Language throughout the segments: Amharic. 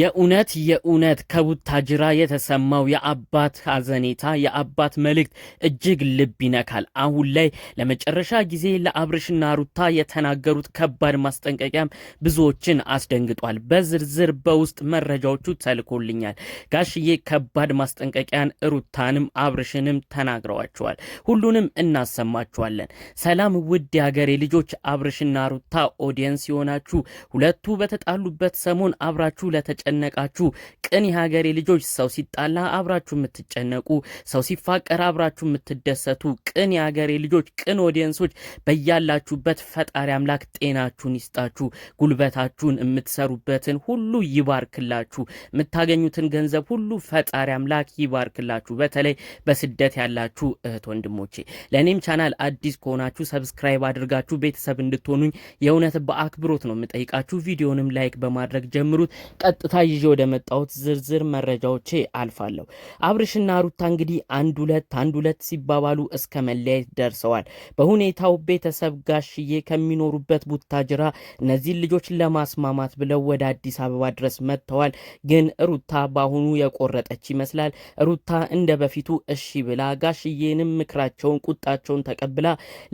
የእውነት የእውነት ከቡታጅራ የተሰማው የአባት ሐዘኔታ የአባት መልእክት እጅግ ልብ ይነካል። አሁን ላይ ለመጨረሻ ጊዜ ለአብርሽና ሩታ የተናገሩት ከባድ ማስጠንቀቂያም ብዙዎችን አስደንግጧል። በዝርዝር በውስጥ መረጃዎቹ ተልኮልኛል። ጋሽዬ ከባድ ማስጠንቀቂያን ሩታንም አብርሽንም ተናግረዋቸዋል። ሁሉንም እናሰማችኋለን። ሰላም ውድ የሀገሬ ልጆች፣ አብርሽና ሩታ ኦዲየንስ የሆናችሁ ሁለቱ በተጣሉበት ሰሞን አብራችሁ ለተ የተጨነቃችሁ ቅን የሀገሬ ልጆች፣ ሰው ሲጣላ አብራችሁ የምትጨነቁ፣ ሰው ሲፋቀር አብራችሁ የምትደሰቱ ቅን የሀገሬ ልጆች፣ ቅን ኦዲየንሶች በያላችሁበት ፈጣሪ አምላክ ጤናችሁን ይስጣችሁ። ጉልበታችሁን የምትሰሩበትን ሁሉ ይባርክላችሁ። የምታገኙትን ገንዘብ ሁሉ ፈጣሪ አምላክ ይባርክላችሁ። በተለይ በስደት ያላችሁ እህት ወንድሞቼ፣ ለእኔም ቻናል አዲስ ከሆናችሁ ሰብስክራይብ አድርጋችሁ ቤተሰብ እንድትሆኑኝ የእውነት በአክብሮት ነው የምጠይቃችሁ። ቪዲዮንም ላይክ በማድረግ ጀምሩት። ቀጥ ቀጥታ ይዤ ወደ መጣሁት ዝርዝር መረጃዎቼ አልፋለሁ። አብርሽና ሩታ እንግዲህ አንድ ሁለት አንድ ሁለት ሲባባሉ እስከ መለያየት ደርሰዋል። በሁኔታው ቤተሰብ ጋሽዬ ከሚኖሩበት ቡታጅራ እነዚህን ልጆች ለማስማማት ብለው ወደ አዲስ አበባ ድረስ መጥተዋል። ግን ሩታ በአሁኑ የቆረጠች ይመስላል። ሩታ እንደ በፊቱ እሺ ብላ ጋሽዬንም ምክራቸውን፣ ቁጣቸውን ተቀብላ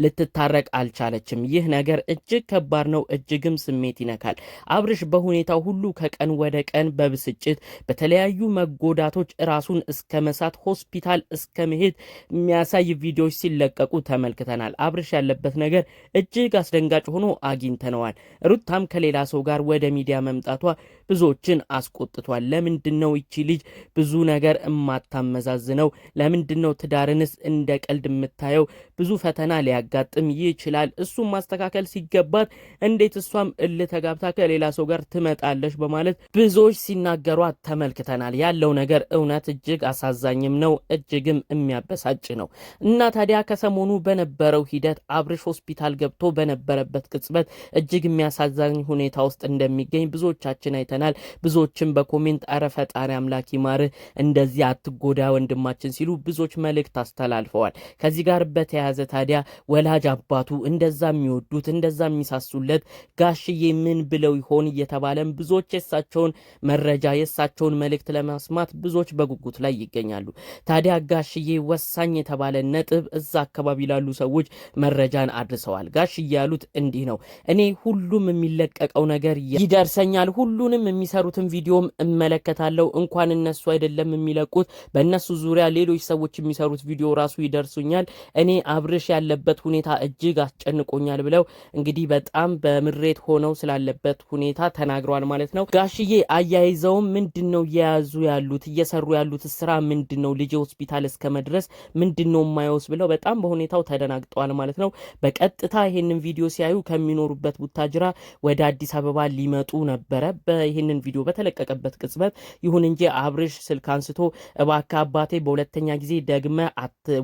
ልትታረቅ አልቻለችም። ይህ ነገር እጅግ ከባድ ነው፣ እጅግም ስሜት ይነካል። አብርሽ በሁኔታው ሁሉ ከቀን ወደ ቀን በብስጭት በተለያዩ መጎዳቶች ራሱን እስከ መሳት ሆስፒታል እስከ መሄድ የሚያሳይ ቪዲዮዎች ሲለቀቁ ተመልክተናል። አብርሽ ያለበት ነገር እጅግ አስደንጋጭ ሆኖ አግኝተነዋል። ሩታም ከሌላ ሰው ጋር ወደ ሚዲያ መምጣቷ ብዙዎችን አስቆጥቷል። ለምንድን ነው ይቺ ልጅ ብዙ ነገር እማታመዛዝነው? ለምንድን ነው ትዳርንስ እንደ ቀልድ የምታየው? ብዙ ፈተና ሊያጋጥም ይችላል። እሱም ማስተካከል ሲገባት እንዴት እሷም እልህ ተጋብታ ከሌላ ሰው ጋር ትመጣለች? በማለት ብዙዎች ሲናገሯት ተመልክተናል። ያለው ነገር እውነት እጅግ አሳዛኝም ነው፣ እጅግም የሚያበሳጭ ነው እና ታዲያ ከሰሞኑ በነበረው ሂደት አብርሽ ሆስፒታል ገብቶ በነበረበት ቅጽበት እጅግ የሚያሳዛኝ ሁኔታ ውስጥ እንደሚገኝ ብዙዎቻችን አይተናል። ብዙዎችም በኮሜንት አረ ፈጣሪ አምላክ ይማርህ፣ እንደዚህ አትጎዳ ወንድማችን ሲሉ ብዙዎች መልእክት አስተላልፈዋል። ከዚህ ጋር በተያያዘ ታዲያ ወላጅ አባቱ እንደዛ የሚወዱት እንደዛ የሚሳሱለት ጋሽዬ ምን ብለው ይሆን እየተባለም ብዙዎች የሳቸውን መረጃ፣ የእሳቸውን መልእክት ለመስማት ብዙዎች በጉጉት ላይ ይገኛሉ። ታዲያ ጋሽዬ ወሳኝ የተባለ ነጥብ እዛ አካባቢ ላሉ ሰዎች መረጃን አድርሰዋል። ጋሽዬ ያሉት እንዲህ ነው። እኔ ሁሉም የሚለቀቀው ነገር ይደርሰኛል፣ ሁሉንም የሚሰሩትን ቪዲዮም እመለከታለሁ። እንኳን እነሱ አይደለም የሚለቁት በእነሱ ዙሪያ ሌሎች ሰዎች የሚሰሩት ቪዲዮ ራሱ ይደርሱኛል። እኔ አብርሽ ያለበት ሁኔታ እጅግ አስጨንቆኛል ብለው እንግዲህ በጣም በምሬት ሆነው ስላለበት ሁኔታ ተናግረዋል ማለት ነው። ጋሽዬ አያይዘውም ምንድን ነው እየያዙ ያሉት እየሰሩ ያሉት ስራ ምንድን ነው ልጅ ሆስፒታል እስከ መድረስ ምንድን ነው የማይወስ ብለው በጣም በሁኔታው ተደናግጠዋል ማለት ነው። በቀጥታ ይህንን ቪዲዮ ሲያዩ ከሚኖሩበት ቡታጅራ ወደ አዲስ አበባ ሊመጡ ነበረ ይህንን ቪዲዮ በተለቀቀበት ቅጽበት። ይሁን እንጂ አብርሽ ስልክ አንስቶ እባክህ አባቴ በሁለተኛ ጊዜ ደግመ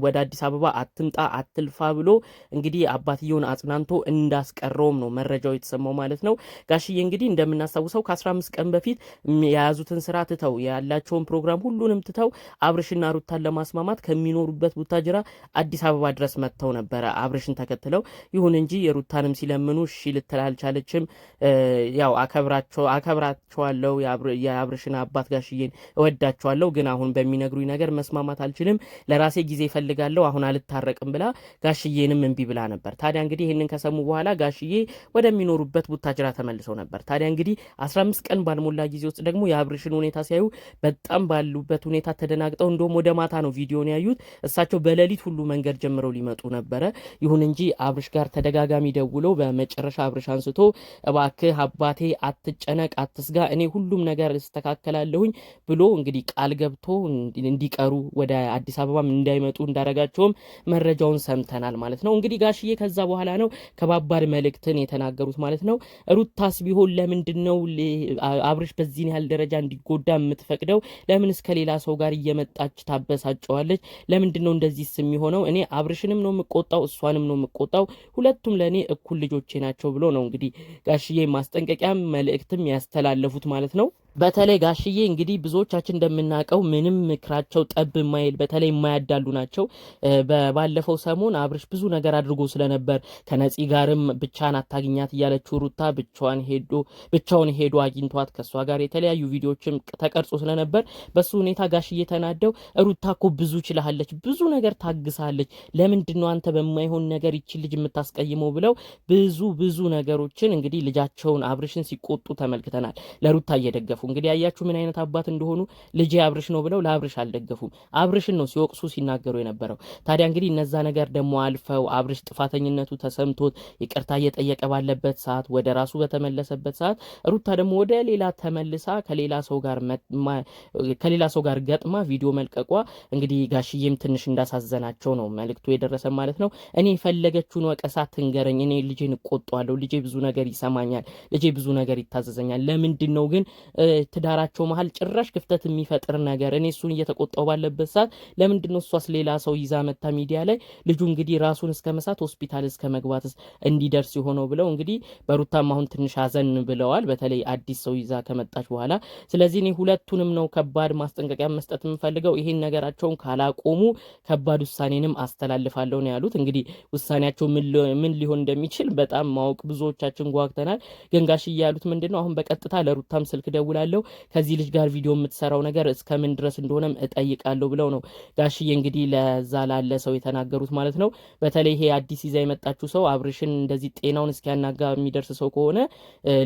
ወደ አዲስ አበባ አትምጣ አትልፋ ብሎ እንግዲህ አባትየውን አጽናንቶ እንዳስቀረውም ነው መረጃው የተሰማው ማለት ነው። ጋሽዬ እንግዲህ እንደምናስታውሰው ከ አምስት ቀን በፊት በሚል የያዙትን ስራ ትተው ያላቸውን ፕሮግራም ሁሉንም ትተው አብርሽና ሩታን ለማስማማት ከሚኖሩበት ቡታጅራ አዲስ አበባ ድረስ መጥተው ነበረ አብርሽን ተከትለው። ይሁን እንጂ የሩታንም ሲለምኑ እሺ ልትል አልቻለችም። ያው አከብራቸዋለሁ፣ የአብርሽን አባት ጋሽዬን እወዳቸዋለሁ፣ ግን አሁን በሚነግሩኝ ነገር መስማማት አልችልም፣ ለራሴ ጊዜ ፈልጋለሁ አሁን አልታረቅም ብላ ጋሽዬንም እምቢ ብላ ነበር። ታዲያ እንግዲህ ይህንን ከሰሙ በኋላ ጋሽዬ ወደሚኖሩበት ቡታጅራ ተመልሰው ነበር። ታዲያ እንግዲህ አምስት ቀን ባልሞላ ጊዜ ውስጥ ደግሞ የአብርሽን ሁኔታ ሲያዩ በጣም ባሉበት ሁኔታ ተደናግጠው እንደውም ወደ ማታ ነው ቪዲዮን ያዩት። እሳቸው በሌሊት ሁሉ መንገድ ጀምረው ሊመጡ ነበረ። ይሁን እንጂ አብርሽ ጋር ተደጋጋሚ ደውለው በመጨረሻ አብርሽ አንስቶ እባክህ አባቴ አትጨነቅ፣ አትስጋ፣ እኔ ሁሉም ነገር እስተካከላለሁኝ ብሎ እንግዲህ ቃል ገብቶ እንዲቀሩ ወደ አዲስ አበባም እንዳይመጡ እንዳረጋቸውም መረጃውን ሰምተናል ማለት ነው። እንግዲህ ጋሽዬ ከዛ በኋላ ነው ከባባድ መልእክትን የተናገሩት ማለት ነው። ሩታስ ቢሆን ለምንድን ነው አብርሽ ተማሪዎች በዚህን ያህል ደረጃ እንዲጎዳ የምትፈቅደው? ለምን እስከ ሌላ ሰው ጋር እየመጣች ታበሳጨዋለች? ለምንድን ነው እንደዚህ ስም የሆነው? እኔ አብርሽንም ነው የምቆጣው፣ እሷንም ነው የምቆጣው። ሁለቱም ለእኔ እኩል ልጆቼ ናቸው ብሎ ነው እንግዲህ ጋሽዬ ማስጠንቀቂያ መልእክትም ያስተላለፉት ማለት ነው። በተለይ ጋሽዬ እንግዲህ ብዙዎቻችን እንደምናውቀው ምንም ምክራቸው ጠብ ማይል በተለይ የማያዳሉ ናቸው። ባለፈው ሰሞን አብርሽ ብዙ ነገር አድርጎ ስለነበር ከነፂ ጋርም ብቻን አታግኛት እያለችው ሩታ ብቻውን ሄዶ አግኝቷት ከእሷ ጋር የተለያዩ ቪዲዮዎችም ተቀርጾ ስለነበር በሱ ሁኔታ ጋሽዬ ተናደው ሩታ እኮ ብዙ ችላለች፣ ብዙ ነገር ታግሳለች፣ ለምንድን ነው አንተ በማይሆን ነገር ይችን ልጅ የምታስቀይመው ብለው ብዙ ብዙ ነገሮችን እንግዲህ ልጃቸውን አብርሽን ሲቆጡ ተመልክተናል። ለሩታ እየደገፉ እንግዲህ አያችሁ ምን አይነት አባት እንደሆኑ ልጄ አብርሽ ነው ብለው ለአብርሽ አልደገፉም። አብርሽን ነው ሲወቅሱ ሲናገሩ የነበረው። ታዲያ እንግዲህ እነዛ ነገር ደግሞ አልፈው አብርሽ ጥፋተኝነቱ ተሰምቶት ይቅርታ እየጠየቀ ባለበት ሰዓት፣ ወደ ራሱ በተመለሰበት ሰዓት ሩታ ደግሞ ወደ ሌላ ተመልሳ ከሌላ ሰው ጋር ከሌላ ሰው ጋር ገጥማ ቪዲዮ መልቀቋ እንግዲህ ጋሽዬም ትንሽ እንዳሳዘናቸው ነው መልእክቱ የደረሰ ማለት ነው። እኔ የፈለገችውን ወቀሳ ትንገረኝ፣ እኔ ልጄን እቆጣዋለሁ። ልጄ ብዙ ነገር ይሰማኛል፣ ልጄ ብዙ ነገር ይታዘዘኛል። ለምንድን ነው ግን በትዳራቸው መሀል ጭራሽ ክፍተት የሚፈጥር ነገር እኔ እሱን እየተቆጣው ባለበት ሰዓት ለምንድን ነው እሷስ ሌላ ሰው ይዛ መታ ሚዲያ ላይ ልጁ እንግዲህ ራሱን እስከ መሳት ሆስፒታል እስከ መግባት እንዲደርስ የሆነው ብለው እንግዲህ በሩታም አሁን ትንሽ አዘን ብለዋል። በተለይ አዲስ ሰው ይዛ ከመጣች በኋላ ስለዚህ እኔ ሁለቱንም ነው ከባድ ማስጠንቀቂያ መስጠት የምፈልገው። ይሄን ነገራቸውን ካላቆሙ ከባድ ውሳኔንም አስተላልፋለሁ ነው ያሉት። እንግዲህ ውሳኔያቸው ምን ሊሆን እንደሚችል በጣም ማወቅ ብዙዎቻችን ጓግተናል። ገንጋሽ እያሉት ምንድን ነው አሁን በቀጥታ ለሩታም ስልክ ደውላል ያለው ከዚህ ልጅ ጋር ቪዲዮ የምትሰራው ነገር እስከምን ድረስ እንደሆነም እጠይቃለሁ ብለው ነው ጋሽዬ እንግዲህ ለዛ ላለ ሰው የተናገሩት ማለት ነው። በተለይ ይሄ አዲስ ይዛ የመጣችው ሰው አብርሽን እንደዚህ ጤናውን እስኪያናጋ የሚደርስ ሰው ከሆነ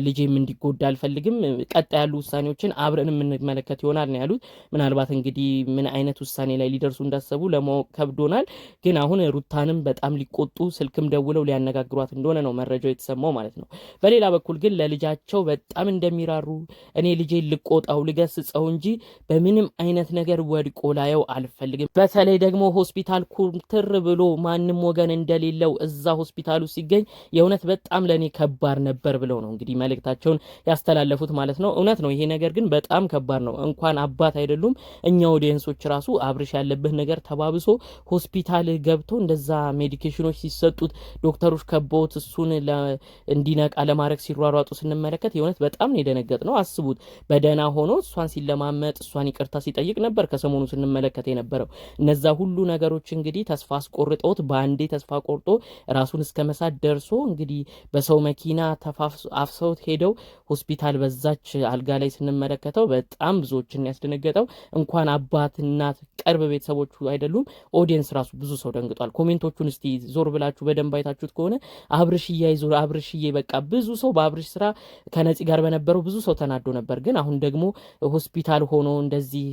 ልጄም እንዲጎዳ አልፈልግም። ቀጣ ያሉ ውሳኔዎችን አብረን የምንመለከት ይሆናል ነው ያሉት። ምናልባት እንግዲህ ምን አይነት ውሳኔ ላይ ሊደርሱ እንዳሰቡ ለማወቅ ከብዶናል። ግን አሁን ሩታንም በጣም ሊቆጡ ስልክም ደውለው ሊያነጋግሯት እንደሆነ ነው መረጃው የተሰማው ማለት ነው። በሌላ በኩል ግን ለልጃቸው በጣም እንደሚራሩ እኔ ልጄ ልቆጣው ልገስጸው እንጂ በምንም አይነት ነገር ወድቆ ላየው አልፈልግም። በተለይ ደግሞ ሆስፒታል ኩምትር ብሎ ማንም ወገን እንደሌለው እዛ ሆስፒታሉ ሲገኝ የእውነት በጣም ለእኔ ከባድ ነበር ብለው ነው እንግዲህ መልእክታቸውን ያስተላለፉት ማለት ነው። እውነት ነው ይሄ ነገር ግን በጣም ከባድ ነው። እንኳን አባት አይደሉም እኛ ኦዲየንሶች ራሱ አብርሽ ያለብህ ነገር ተባብሶ ሆስፒታል ገብቶ እንደዛ ሜዲኬሽኖች ሲሰጡት ዶክተሮች ከበውት እሱን እንዲነቃ ለማድረግ ሲሯሯጡ ስንመለከት የእውነት በጣም ነው የደነገጥ ነው። አስቡት በደህና ሆኖ እሷን ሲለማመጥ እሷን ይቅርታ ሲጠይቅ ነበር ከሰሞኑ ስንመለከት የነበረው። እነዛ ሁሉ ነገሮች እንግዲህ ተስፋ አስቆርጠውት በአንዴ ተስፋ ቆርጦ ራሱን እስከ መሳት ደርሶ እንግዲህ በሰው መኪና አፍሰውት ሄደው ሆስፒታል በዛች አልጋ ላይ ስንመለከተው በጣም ብዙዎችን ያስደነገጠው እንኳን አባት፣ እናት፣ ቅርብ ቤተሰቦቹ አይደሉም ኦዲየንስ ራሱ ብዙ ሰው ደንግጧል። ኮሜንቶቹን እስቲ ዞር ብላችሁ በደንብ አይታችሁት ከሆነ አብርሽዬ አይዞር አብርሽዬ በቃ ብዙ ሰው በአብርሽ ስራ ከነፂ ጋር በነበረው ብዙ ሰው ተናዶ ነበር። ግን አሁን ደግሞ ሆስፒታል ሆኖ እንደዚህ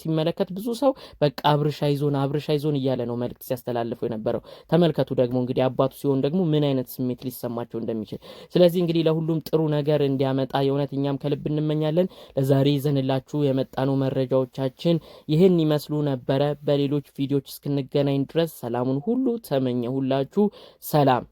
ሲመለከት ብዙ ሰው በቃ አብርሻ ይዞን አብርሻ ይዞን እያለ ነው መልእክት ሲያስተላልፈው የነበረው። ተመልከቱ ደግሞ እንግዲህ አባቱ ሲሆን ደግሞ ምን አይነት ስሜት ሊሰማቸው እንደሚችል። ስለዚህ እንግዲህ ለሁሉም ጥሩ ነገር እንዲያመጣ የእውነት እኛም ከልብ እንመኛለን። ለዛሬ ይዘንላችሁ የመጣነው መረጃዎቻችን ይህን ይመስሉ ነበረ። በሌሎች ቪዲዮዎች እስክንገናኝ ድረስ ሰላሙን ሁሉ ተመኘሁላችሁ። ሰላም